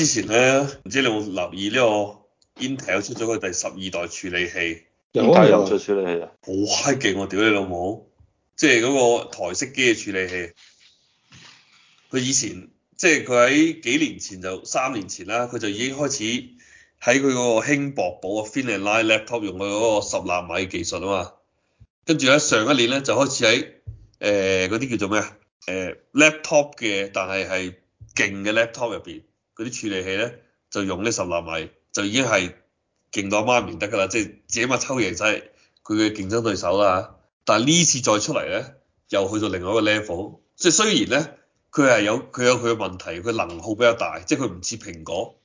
之前咧，唔知你有冇留意呢個 Intel 出咗佢第十二代處理器，又大出處理器啦、啊，好嗨勁喎！屌、啊、你老母，即係嗰個台式機嘅處理器。佢以前即係佢喺幾年前就三年前啦，佢就已經開始喺佢嗰個輕薄本啊 Thin and Light Laptop 用佢嗰個十納米技術啊嘛。跟住咧，上一年咧就開始喺誒嗰啲叫做咩啊？誒、呃、Laptop 嘅，但係係勁嘅 Laptop 入邊。啲處理器咧就用呢十納米，就已經係勁到媽咪得㗎啦。即係自己抽贏曬，佢嘅競爭對手啦。但係呢次再出嚟咧，又去到另外一個 level。即係雖然咧，佢係有佢有佢嘅問題，佢能耗比較大，即係佢唔似蘋果，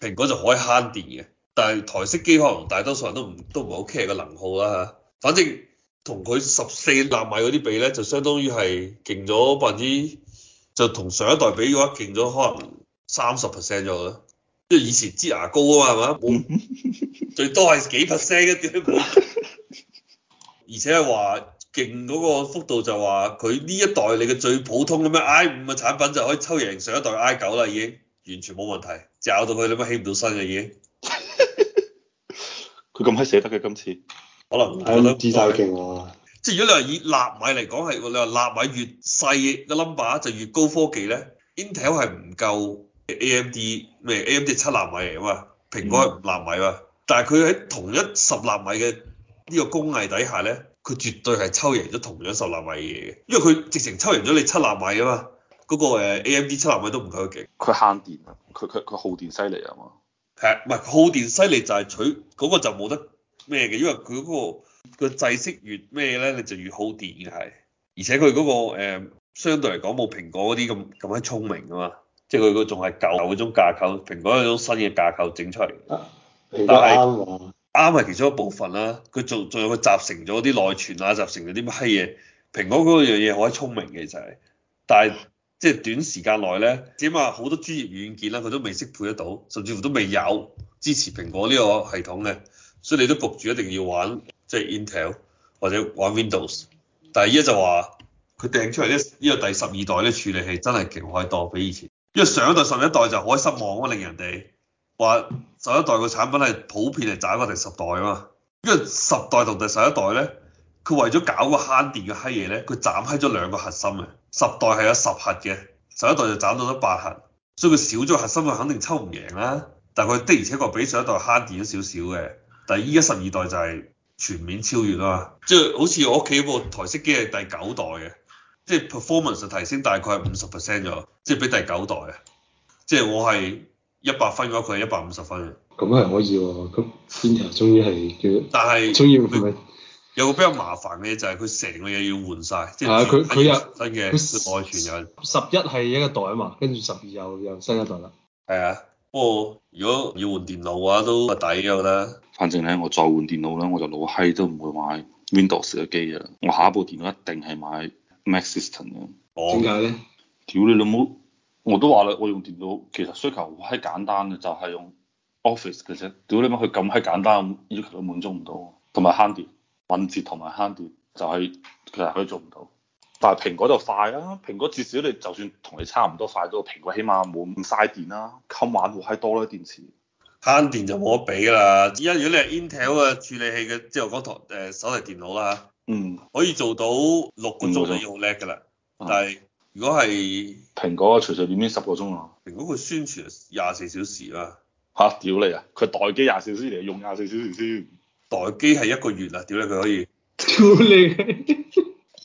蘋果就可以慳電嘅。但係台式機可能大多數人都唔都唔係好 care 嘅能耗啦嚇。反正同佢十四納米嗰啲比咧，就相當於係勁咗百分之，就同上一代比嘅話勁咗可能。三十 percent 咗嘅，即係以前擠牙膏啊嘛，係嘛？ 最多係幾 percent 嘅點？ 而且係話勁嗰個幅度就話佢呢一代你嘅最普通咁樣 I 五嘅產品就可以抽贏上一代 I 九啦，已經完全冇問題，炒到佢你乜起唔到身嘅已經。佢咁閪捨得嘅今次，可能 Intel 勁喎。即係如果你話以納米嚟講係，你話納米越細嘅 number 就越高科技咧，Intel 係唔夠。A.M.D. 咩？A.M.D. 七納米嚟啊嘛，蘋果係五納米嘛，但係佢喺同一十納米嘅呢個工藝底下咧，佢絕對係抽贏咗同樣十納米嘅嘢嘅，因為佢直情抽贏咗你七納米啊嘛，嗰、那個誒 A.M.D. 七納米都唔夠勁，佢慳電啊，佢佢佢耗電犀利啊嘛，係唔係耗電犀利就係取嗰、那個就冇得咩嘅，因為佢嗰、那個個制式越咩咧，你就越耗電嘅係，而且佢嗰、那個誒、呃、相對嚟講冇蘋果嗰啲咁咁樣聰明啊嘛。即係佢個仲係舊嗰種架構，蘋果嗰種新嘅架構整出嚟，但係啱係其中一部分啦。佢仲仲有佢集成咗啲內存啊，集成咗啲乜嘢？蘋果嗰樣嘢好閪聰明嘅就係、是，但係即係短時間內咧，只嘛好多專業軟件咧，佢都未適配得到，甚至乎都未有支持蘋果呢個系統嘅，所以你都焗住一定要玩即係、就是、Intel 或者玩 Windows。但係依家就話佢掟出嚟呢呢個第十二代咧處理器真係勁閪多，比以前。因為上一代、上一代就好失望，啊、令人哋話上一代個產品係普遍係斬過第十代啊嘛。因為十代同第十一代咧，佢為咗搞個慳電嘅閪嘢咧，佢斬開咗兩個核心嘅，啊。十代係有十核嘅，十一代就斬到咗八核，所以佢少咗核心，佢肯定抽唔贏啦。但係佢的而且確比上一代慳電咗少少嘅。但係依家十二代就係全面超越啊嘛。即係好似我屋企部台式機係第九代嘅。即係 performance 提升大概係五十 percent 咗，即係比第九代啊。即係我係一百分嘅話，佢係一百五十分嘅。咁係可以喎，咁先頭終於係叫，但係，終於佢有個比較麻煩嘅就係佢成個嘢要換曬。係啊，佢佢有新嘅外存入十一係一個代啊嘛，跟住十二又又新一代啦。係啊，不過如果要換電腦嘅話都抵嘅，我覺得。反正咧，我再換電腦咧，我就老閪都唔會買 Windows 嘅機嘅。我下一部電腦一定係買。Mac System 咯，點解咧？屌你老母！我都話啦，我用電腦其實需求好閪簡單嘅，就係、是、用 Office 嘅啫。屌你媽佢咁閪簡單，要求都滿足唔到。同埋慳電，敏捷同埋慳電就係、是、其實佢做唔到。但係蘋果就快啊！蘋果至少你就算同你差唔多快，都蘋果起碼冇咁嘥電啦、啊，襟玩好閪多啦、啊、電池。慳電就冇得比啦。而家如果你係 Intel 嘅處理器嘅，之後嗰台誒手提電腦啦。嗯，可以做到六個鐘，你好叻噶啦。但係如果係蘋果，隨便便蘋果，隨隨便便十個鐘啊。蘋果佢宣傳廿四小時啦。吓，屌你啊！佢待機廿四小時嚟用廿四小時先。待機係一個月啊，屌你佢可以。屌你、啊！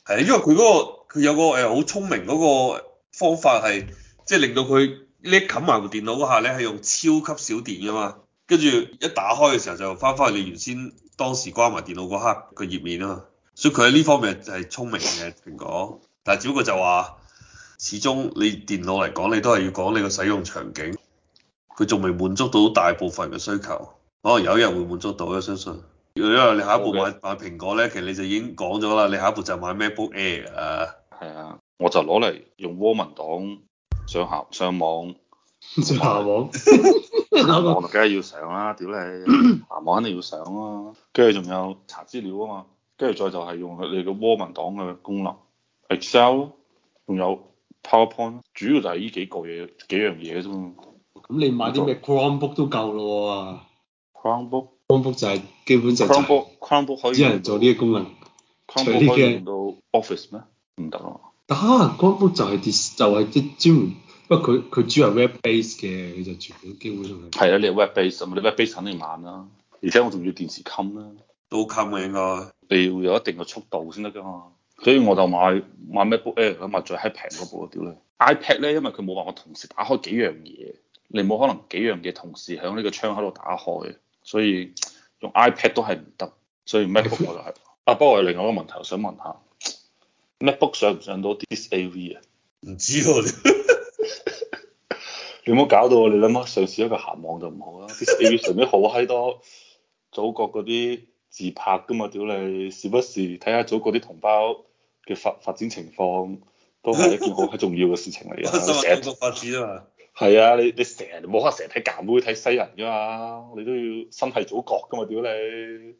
係啊，因為佢嗰、那個佢有個誒好聰明嗰個方法係，即、就、係、是、令到佢叻。冚埋部電腦嗰下咧，係用超級少電噶嘛。跟住一打開嘅時候就翻翻去你原先當時關埋電腦嗰刻個頁面啊嘛。所以佢喺呢方面係聰明嘅蘋果，但係只不過就話，始終你電腦嚟講，你都係要講你個使用場景，佢仲未滿足到大部分嘅需求。可能有一日會滿足到，我相信。因為你下一步買 Okay. 買蘋果咧，其實你就已經講咗啦。你下一步就買 MacBook Air 啊。係啊，我就攞嚟用 Word 文檔上下上網，下網，梗係網要上啦！屌你，下網肯定要上啦。跟住仲有查資料啊嘛。跟住再就係用你個 Word 文檔嘅功能，Excel，仲有 PowerPoint，主要就係呢幾個嘢幾樣嘢啫嘛。咁你買啲咩 Chromebook 都夠咯喎。Chromebook，Chromebook 就係基本就係，Chromebook 可以只能做呢個功能。Chromebook 可以用到 Office 咩？唔得咯。打 Chromebook 就係電，就係專，不過佢佢主要係 Web base 嘅，佢就全部基本上都係。係啊，你係 Web base，咁你 Web base 肯定慢啦。而且我仲要電視襟啦。都冚嘅應該，你要有一定嘅速度先得㗎嘛。所以我就買買 MacBook Air、欸、咁啊，最喺平嗰部啊屌你！iPad 咧，因為佢冇話我同時打開幾樣嘢，你冇可能幾樣嘅同時喺呢個窗口度打開，所以用 iPad 都係唔得。所以 MacBook 我就係 啊，不過我有另外一個問題我想問下，MacBook 上唔上到 ThisAV 啊？唔知道。 你唔好搞到我，你諗下，上次一個咸網就唔好啦、啊，ThisAV 上面好閪多祖國嗰啲。自拍㗎嘛，屌你！時不時睇下祖國啲同胞嘅發發展情況，都係一件好重要嘅事情嚟嘅。成日都發展啊嘛。係 啊，你，你成日冇可能成日睇鹹妹睇西人啫嘛，你都要心係祖國㗎嘛，屌你！